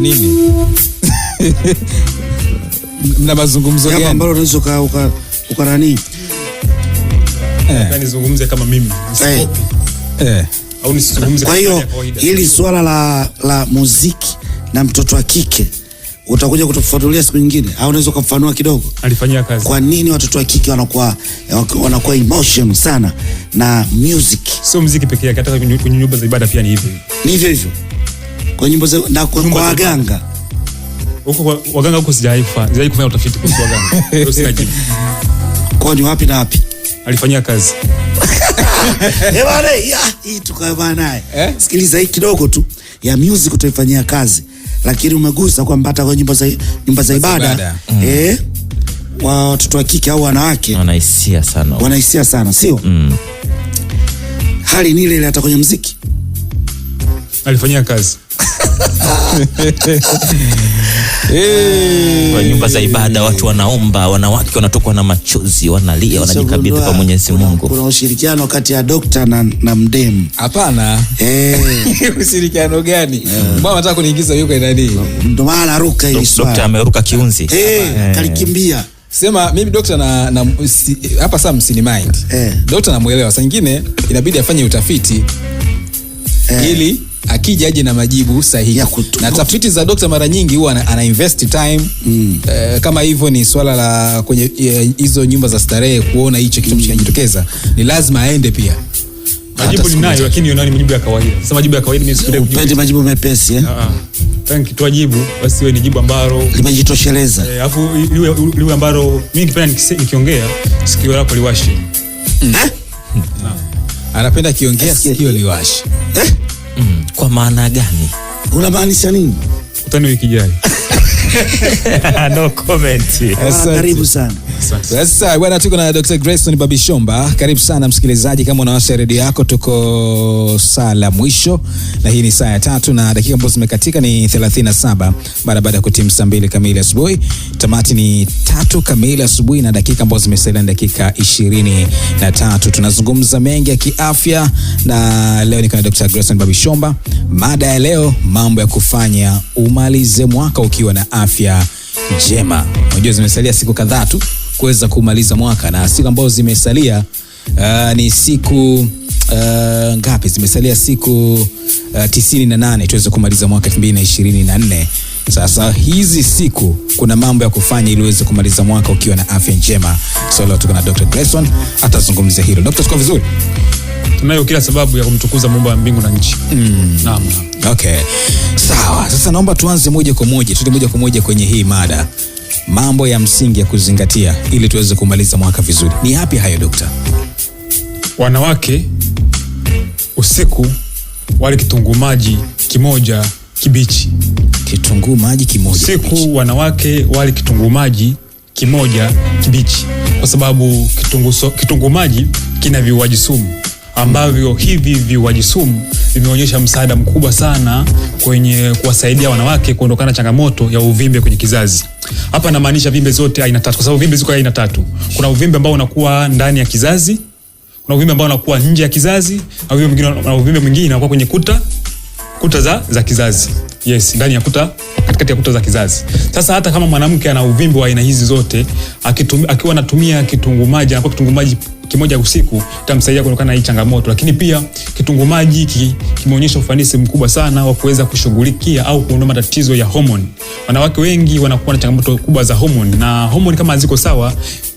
mnazungumza nini? mna mazungumzo gani ambalo unaweza uka uka, ukarani ukanizungumzia eh. kama mimi eh. eh, au nisizungumze. Kwa hiyo hili swala la la muziki na mtoto wa kike utakuja kutufafanulia siku nyingine, au unaweza ukafafanua kidogo alifanyia kazi, kwa nini watoto wa kike wanakuwa wanakuwa emotion sana na music? Sio muziki pekee yake, hata kwenye nyumba za ibada pia ni hivyo, ni hivyo hivyo kwa nyimbo za na kwa, kwa waganga huko waganga huko sijaifa kufanya kufanya utafiti kwa waganga. sina jibu. Kwa ni wapi na wapi alifanyia kazi? Eh ya, hii tukawa naye eh, sikiliza hii kidogo tu ya music utaifanyia kazi, lakini umegusa kwamba hata kwa nyumba za nyumba za ibada mm. eh wa watoto wa kike au wanawake wanahisia sana, wanahisia sana sio? mm. hali ni ile ile hata kwenye muziki alifanyia kazi hey. Kwa nyumba za ibada watu wanaomba, wanawake wanatokwa na machozi, wanalia, wanajikabidhi kwa Mwenyezi Mungu. Kuna ushirikiano kati ya dokta na, na mdem? Hapana. Eh, ushirikiano gani? Eh. Mbona unataka kuniingiza yuko ndani? Ndio maana ruka hii swali. Dokta ameruka kiunzi. Eh, eh, kalikimbia. Sema mimi dokta na, na si, hapa sasa msini mind. Eh. Dokta namuelewa. Saa nyingine inabidi afanye utafiti eh, ili akija aje na majibu sahihi na tafiti za dokta mara nyingi huwa ana, ana invest time mm. uh, kama hivyo ni swala la kwenye eh, hizo nyumba za starehe kuona hicho kitu mm. kinajitokeza ni lazima aende pia majibu ninayo lakini yonani majibu ya kawaida sasa majibu ya kawaida mimi majibu mepesi eh ah, ah. basi ni jibu ambalo limejitosheleza eh, alafu ambalo mimi nikipenda nikiongea sikio lako mm. ah. anapenda sikio eh? Mm. Kwa maana gani? Unamaanisha nini? Utani wiki ijayo. No comment. Ah, karibu sana tuko na Dr. Grayson Babishomba. Karibu sana msikilizaji, kama unawasha redio yako, tuko saa la mwisho na hii ni saa ya tatu na dakika ambazo zimekatika ni 37 mara baada ya kutimu saa mbili kamili asubuhi. Tamati ni tatu kamili asubuhi na dakika ambazo zimesalia ni dakika ishirini na tatu. Tunazungumza mengi ya kiafya na leo niko na Dr. Grayson Babishomba. Mada ya leo, mambo ya kufanya umalize mwaka ukiwa na afya njema. Unajua zimesalia siku kadhaa tu kuweza kumaliza mwaka na siku ambazo zimesalia uh, ni siku Uh, ngapi zimesalia? Siku uh, tisini na nane tuweze kumaliza mwaka 2024. Sasa hizi siku kuna mambo ya kufanya ili uweze kumaliza mwaka ukiwa na afya njema. So tuko na Dr. Grayson atazungumzia hilo. Dr. siko vizuri? Tunayo kila sababu ya kumtukuza mumba wa mbingu na nchi. Mm. Okay. Sawa. Sasa naomba tuanze moja kwa moja, tuli moja kwa moja kwenye hii mada mambo ya msingi ya kuzingatia ili tuweze kumaliza mwaka vizuri ni yapi hayo dokta? Wanawake usiku wale kitunguu maji kimoja kibichi. Kitunguu maji kimoja usiku kibichi. Wanawake wale kitunguu maji kimoja kibichi, kwa sababu kitunguu kitunguu maji kina viuaji sumu ambavyo hivi viuaji sumu vimeonyesha msaada mkubwa sana kwenye kuwasaidia wanawake kuondokana changamoto ya uvimbe kwenye kizazi. Hapa namaanisha vimbe zote aina tatu, kwa sababu vimbe ziko aina tatu. Kuna uvimbe ambao unakuwa ndani ya kizazi, kuna uvimbe ambao unakuwa nje ya kizazi, na uvimbe mwingine na uvimbe mwingine unakuwa kwenye kuta kuta za, za kizazi. Yes, ndani ya kuta, katikati ya kuta za kizazi. Sasa hata kama mwanamke ana uvimbe wa aina hizi zote akiwa anatumia kitunguu maji anakuwa kitunguu maji kimoja usiku itamsaidia kuondokana na hii changamoto. Lakini pia kitunguu maji hiki kimeonyesha ufanisi mkubwa sana wa kuweza kushughulikia au kuondoa matatizo ya homoni. Wanawake wengi wanakuwa na changamoto kubwa za homoni, na homoni kama haziko sawa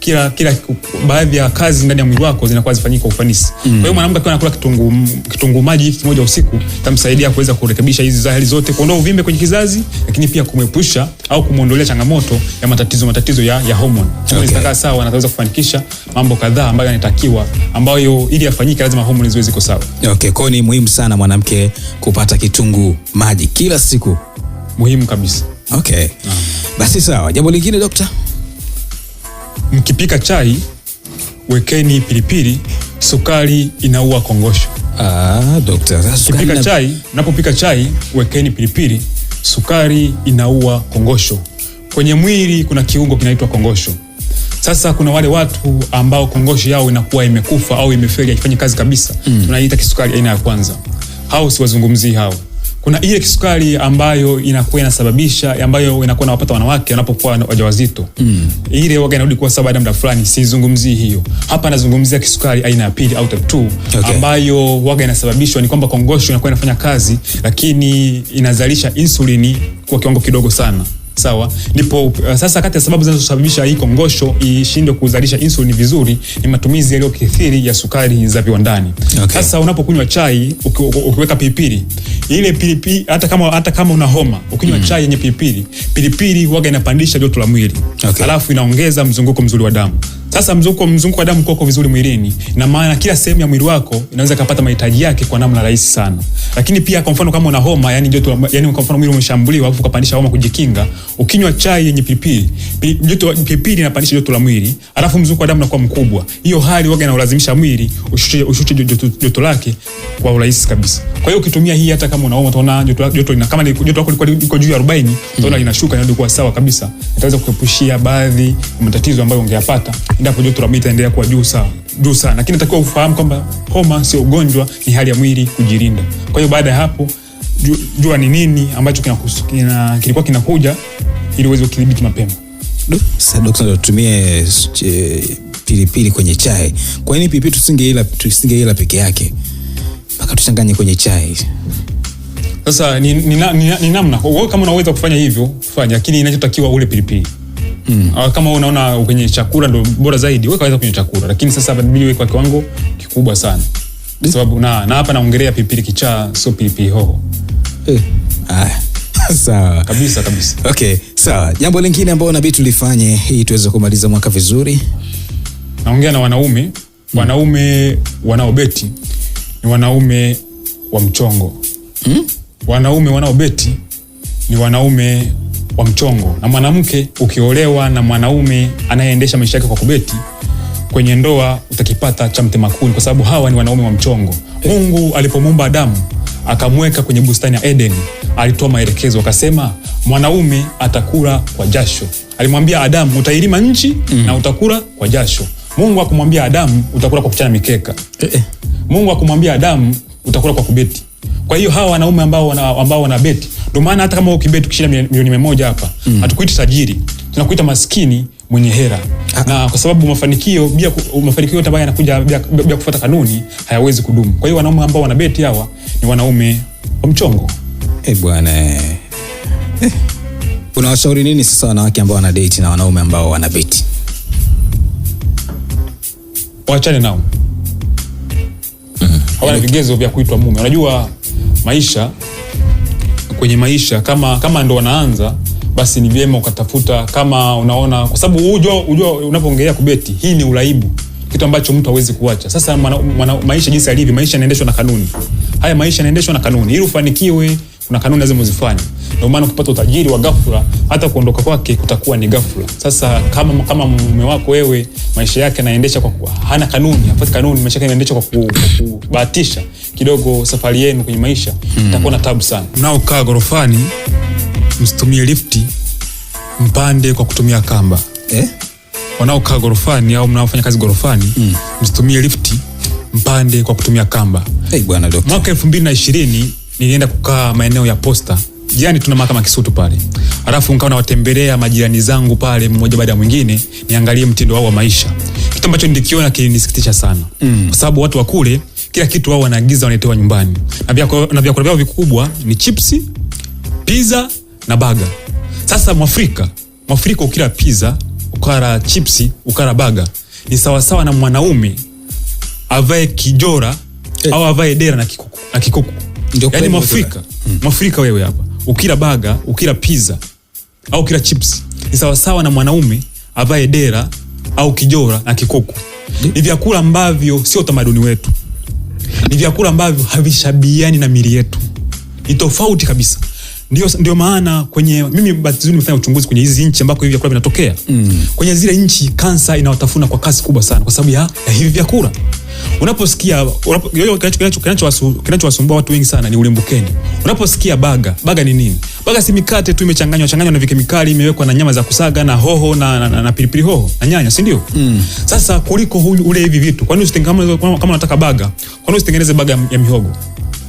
kila kila baadhi ya kazi ndani ya mwili wako zinakuwa zifanyike kwa ufanisi. Mm. Kwa hiyo mm. mwanamke akiwa anakula kitunguu kitunguu maji hiki kimoja usiku itamsaidia kuweza kurekebisha hizi zahari zote, kuondoa uvimbe kwenye kizazi, lakini pia kumepusha au kumuondolea changamoto ya matatizo matatizo ya ya hormone. Okay. Zitakaa sawa na ataweza kufanikisha mambo kadhaa ambayo yanatakiwa ambayo ili yafanyike lazima homoni ziwe ziko sawa. Okay, kwa ni muhimu sana mwanamke kupata kitunguu maji kila siku. Muhimu kabisa. Okay. Basi sawa. Jambo lingine daktari? mkipika chai wekeni pilipili, sukari inaua kongosho. Ah, kipika na... chai, napopika chai wekeni pilipili, sukari inaua kongosho. Kwenye mwili kuna kiungo kinaitwa kongosho. Sasa kuna wale watu ambao kongosho yao inakuwa imekufa au imefeli, haifanyi kazi kabisa mm. Tunaita kisukari aina ya kwanza. Hao siwazungumzii hao kuna ile kisukari ambayo inakuwa inasababisha ambayo inakuwa inawapata wanawake wanapokuwa wajawazito mm. ile waga inarudi kuwa sawa ya muda fulani. Sizungumzii hiyo hapa, nazungumzia kisukari aina ya pili au tatu 2 okay. ambayo waga inasababishwa ni kwamba kongosho inakuwa inafanya kazi, lakini inazalisha insulini kwa kiwango kidogo sana sawa. Ndipo uh, sasa kati ya sababu zinazosababisha hii kongosho ishindwe kuzalisha insulin vizuri ni matumizi yaliyokithiri ya sukari za viwandani. Okay. Sasa unapokunywa chai uki, ukiweka pilipili ile pilipili hata kama, hata kama una homa ukinywa mm. chai yenye pilipili pilipili waga inapandisha joto la mwili okay. Alafu inaongeza mzunguko mzuri wa damu sasa mzunguko mzunguko wa damu uko vizuri mwilini, na maana kila sehemu ya mwili wako inaweza kupata mahitaji yake kwa namna rahisi sana. Lakini pia kwa mfano kama una homa, yani joto, yani kwa mfano mwili umeshambuliwa alafu ukapandisha homa kujikinga, ukinywa chai yenye pilipili, joto pilipili inapandisha joto la mwili, alafu mzunguko wa damu unakuwa mkubwa. Hiyo hali waga inalazimisha mwili ushushe ushushe joto, lake kwa urahisi kabisa. Kwa hiyo ukitumia hii, hata kama una homa utaona joto joto ina kama joto lako liko juu ya 40, utaona mm. linashuka, inarudi kuwa sawa kabisa. Itaweza kukuepushia baadhi ya matatizo ambayo ungeyapata ndapo joto la mwili itaendelea kuwa juu sana juu sana. Lakini natakiwa ufahamu kwamba homa sio ugonjwa, ni hali ya mwili kujilinda. Kwa hiyo baada ya hapo jua ni nini ambacho kina, kilikuwa kinakuja ili uweze kudhibiti mapema. Sasa daktari, tutumie eh, pilipili kwenye chai. Kwa nini pilipili tusingeila tusingeila peke yake mpaka tuchanganye kwenye chai? Sasa ni, ni, ni, ni, ni namna kama unaweza kufanya hivyo fanya, lakini inachotakiwa ule pilipili mm. Ah, kama unaona kwenye chakula ndo bora zaidi weka kwenye chakula lakini sasa inabidi kwa kiwango kikubwa sana kwa sababu na, na hapa naongelea pipili kichaa sio pilipili hoho eh. sawa kabisa kabisa okay sawa jambo lingine ambayo nabii tulifanye hii tuweze kumaliza mwaka vizuri naongea na wanaume mm. wanaume wanaobeti ni wanaume wa mchongo mm? wanaume wanaobeti ni wanaume wa mchongo, na mwanamke ukiolewa na mwanaume anayeendesha maisha yake kwa kubeti kwenye ndoa utakipata cha mtemakuni kwa sababu hawa ni wanaume wa mchongo. Mungu alipomuumba Adamu akamweka kwenye bustani ya Edeni, alitoa maelekezo akasema, mwanaume atakula kwa jasho. Alimwambia Adamu, utailima nchi mm. na utakula kwa jasho. Mungu akumwambia Adamu, utakula kwa kuchana mikeka. Eh, eh. Mungu akumwambia Adamu, utakula kwa kubeti. Kwa hiyo hawa wanaume ambao wana, ambao wana beti, ndio maana hata kama ukibet ukishinda milioni mia moja hapa mm. hatukuiti tajiri, tunakuita maskini mwenye hera ah. na kwa sababu mafanikio bia, mafanikio yote ambayo yanakuja bila kufuata kanuni hayawezi kudumu. Kwa hiyo wanaume ambao wana beti hawa ni wanaume wa mchongo. Eh bwana eh. Unawashauri nini sasa wanawake ambao wana date na wanaume ambao wana beti? wachane nao. Mm. Hawana yaani- vigezo vya kuitwa mume. Unajua maisha kwenye maisha kama, kama ndo wanaanza basi ni vyema ukatafuta kama unaona, kwa sababu unajua, unajua unapoongelea kubeti hii ni uraibu, kitu ambacho mtu hawezi kuacha. Sasa mana, mana, maisha jinsi alivyo maisha yanaendeshwa na kanuni. Haya maisha yanaendeshwa na kanuni, ili ufanikiwe kuna kanuni lazima uzifanye. Ndio maana ukipata utajiri wa ghafla, hata kuondoka kwake kutakuwa ni ghafla. Sasa kama kama mume wako wewe, maisha yake anaendesha kwa kuwa hana kanuni, hafuati kanuni, maisha yake yanaendeshwa kwa kubahatisha, kidogo safari yenu kwenye maisha mm. hmm. na tabu sana mnaokaa ghorofani msitumie lifti mpande kwa kutumia kamba eh? wanaokaa ghorofani au mnaofanya kazi ghorofani hmm. msitumie lifti mpande kwa kutumia kamba hey, bwana dokta mwaka elfu mbili na ishirini nilienda kukaa maeneo ya posta jirani tuna mahakama Kisutu pale, alafu nikawa nawatembelea majirani zangu pale mmoja baada ya mwingine, niangalie mtindo wao wa maisha, kitu ambacho nilikiona kilinisikitisha sana mm. kwa sababu watu wa kule kila kitu wao wanaagiza wanatewa nyumbani na vyakula vyao vikubwa ni chipsi pizza na baga sasa mwafrika mwafrika ukila pizza ukara chipsi ukara baga ni sawasawa na mwanaume avae kijora hey. Eh. au avae dera na kikuku, na kikuku. Yani mwafrika hmm. mwafrika wewe hapa ukila baga ukila pizza au kila chipsi ni sawasawa na mwanaume avae dera au kijora na kikuku ni vyakula ambavyo sio utamaduni wetu ni vyakula ambavyo havishabiani na mili yetu, ni tofauti kabisa. Ndio, ndio maana kwenye mimi batizuni nimefanya uchunguzi kwenye hizi nchi ambako hivi vyakula vinatokea mm. Kwenye zile nchi kansa inawatafuna kwa kasi kubwa sana kwa sababu ya, ya hivi vyakula. Unaposikia kinachowasumbua watu wengi sana ni ulimbukeni. Unaposikia baga, baga ni nini? Baga si mikate tu imechanganywa changanywa na vikemikali, imewekwa na nyama za kusaga na hoho na, na, na, na pilipili hoho na nyanya, sindio Mm. Sasa kuliko ule hivi vitu, kwani Kama unataka baga, kwani usitengeneze baga ya mihogo?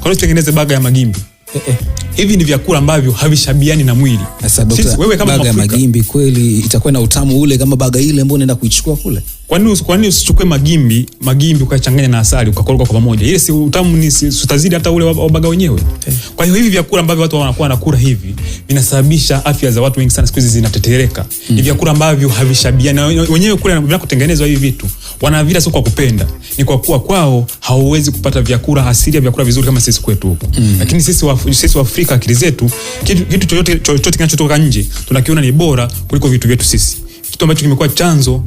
Kwani usitengeneze baga ya magimbi? Eh, eh. Hivi ni vyakula ambavyo havishabiani na mwili. Sasa, dokta, wewe kama baga ya magimbi kweli itakuwa na utamu ule kama baga ile mbao naenda kuichukua kule? Kwani kwani usichukue magimbi, magimbi ukachanganya na asali ukakoroga kwa pamoja. Ile si utamu ni si, utazidi hata ule wabaga wenyewe. Okay. Eh. Kwa hiyo hivi vyakula ambavyo watu wanakuwa wanakula hivi vinasababisha afya za watu wengi sana siku hizi zinatetereka. Mm. Ni vyakula ambavyo havishabiana wenyewe kule vinakotengenezwa hivi vitu. Wanavila sio kwa kupenda, ni kwa kuwa kwao hauwezi kupata vyakula asili ya vyakula vizuri kama sisi kwetu huko. Mm. Lakini sisi wa, sisi wa Afrika akili zetu kitu, kitu chochote chochote kinachotoka nje tunakiona ni bora kuliko vitu vyetu sisi kitu ambacho kimekuwa chanzo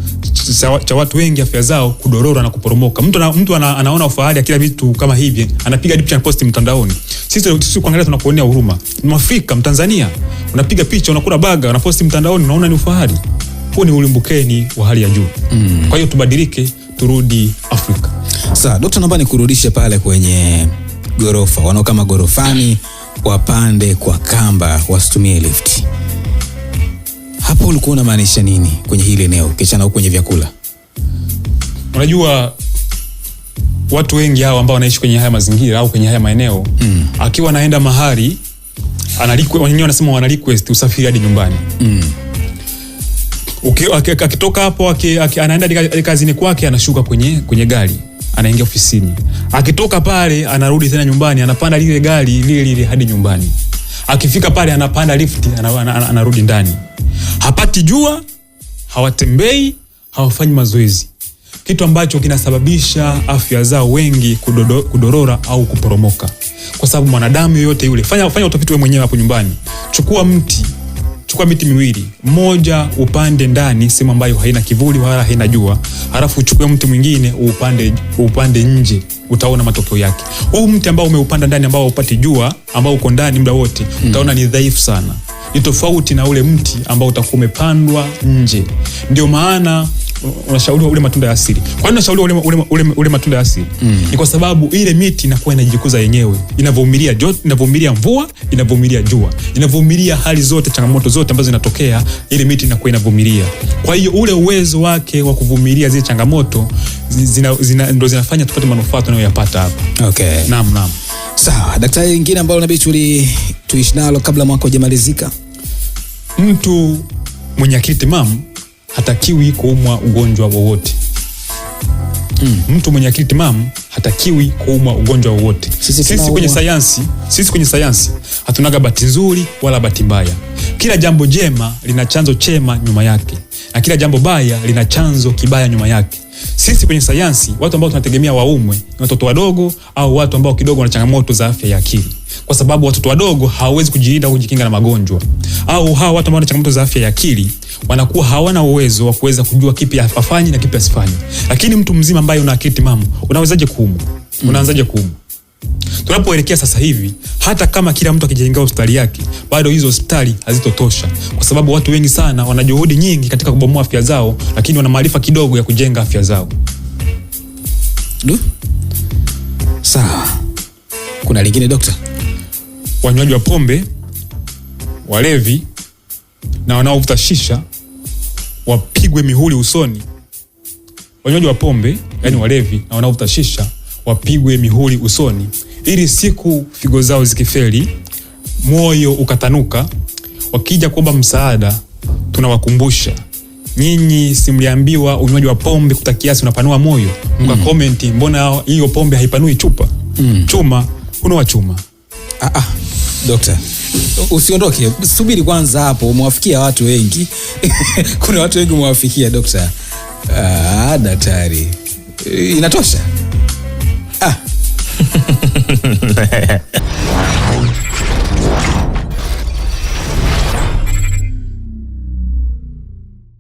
cha watu wengi afya zao kudorora na kuporomoka. Mtu, mtu ana, anaona ufahari ya kila vitu kama hivi, anapiga picha na posti mtandaoni. Sisi kuangalia tunakuonea huruma. Mwafrika Mtanzania unapiga picha, unakula baga, na posti mtandaoni, unaona ni ufahari. Huo ni ulimbukeni wa hali ya juu mm. Kwa hiyo tubadilike, turudi Afrika. Sasa Dokta, naomba nikurudishe pale kwenye gorofa, wanaokaa magorofani wapande kwa kamba, wasitumie lifti hapo ulikuwa unamaanisha nini kwenye hili eneo kichana huku kwenye vyakula? Unajua watu wengi hao ambao wanaishi kwenye haya mazingira au kwenye haya maeneo mm. akiwa anaenda mahali wenyewe wanasema wana request usafiri hadi nyumbani mm. akitoka hapo anaenda kazini kwake, anashuka kwenye, kwenye gari anaingia ofisini, akitoka pale anarudi tena nyumbani, anapanda lile gari lile lile hadi nyumbani. Akifika pale anapanda lifti, anarudi ndani, hapati jua, hawatembei, hawafanyi mazoezi, kitu ambacho kinasababisha afya zao wengi kudodo, kudorora au kuporomoka, kwa sababu mwanadamu yoyote yule, fanya, fanya utafiti wewe mwenyewe hapo nyumbani, chukua mti chukua miti miwili, mmoja upande ndani sehemu ambayo haina kivuli wala haina jua, halafu uchukue mti mwingine upande upande nje utaona matokeo yake. Huu mti ambao umeupanda ndani, ambao haupati jua, ambao uko ndani muda wote, hmm. utaona ni dhaifu sana, ni tofauti na ule mti ambao utakuwa umepandwa nje. Ndio maana unashauriwa ule matunda ya asili. Kwa nini unashauriwa ule, ule, ule, ule matunda ya asili? Mm. Ni kwa sababu ile miti inakuwa inajikuza yenyewe, inavumilia joto, inavumilia mvua, inavumilia jua, inavumilia hali zote, changamoto zote ambazo zinatokea, ile miti inakuwa inavumilia. Kwa hiyo ule uwezo wake wa kuvumilia zile changamoto zina, zina, ndo zinafanya tupate manufaa tunayoyapata hapa. Okay. Naam, naam. Sawa, daktari, lingine ambalo inabidi tuishi nalo kabla mwaka hujamalizika, mtu mwenye akili timamu hatakiwi kuumwa ugonjwa wowote. Mm. Mtu mwenye akili timamu hatakiwi kuumwa ugonjwa wowote. Sisi, sisi kwenye sayansi, sisi kwenye sayansi hatunaga bahati nzuri wala bahati mbaya. Kila jambo jema lina chanzo chema nyuma yake, na kila jambo baya lina chanzo kibaya nyuma yake. Sisi kwenye sayansi, watu ambao tunategemea waumwe ni watoto wadogo au watu ambao kidogo wana changamoto za afya ya akili kwa sababu watoto wadogo hawawezi kujilinda au kujikinga na magonjwa, au hawa watu ambao wana changamoto za afya ya akili wanakuwa hawana uwezo wa kuweza kujua kipi afanye na kipi asifanye. Lakini mtu mzima ambaye una akili timamu unawezaje kuumu? Mm. Unaanzaje kuumu? Tunapoelekea sasa hivi, hata kama kila mtu akijengea hospitali yake, bado hizo hospitali hazitotosha, kwa sababu watu wengi sana wana juhudi nyingi katika kubomoa afya zao, lakini wana maarifa kidogo ya kujenga afya zao. Sawa, kuna lingine dokta? wanywaji wa pombe, walevi na wanaovuta shisha wapigwe mihuri usoni. Wanywaji wa pombe, yani walevi na wanaovuta shisha wapigwe mihuri usoni, ili siku figo zao zikifeli, moyo ukatanuka, wakija kuomba msaada, tunawakumbusha nyinyi simliambiwa unywaji wa pombe kuta kiasi unapanua moyo? Mka mm. komenti, mbona hiyo pombe haipanui chupa mm. chuma unawa chuma ah, ah, dokta usiondoke, subiri kwanza hapo, umewafikia watu wengi kuna watu wengi umewafikia dokta. Ah, daktari, inatosha ah.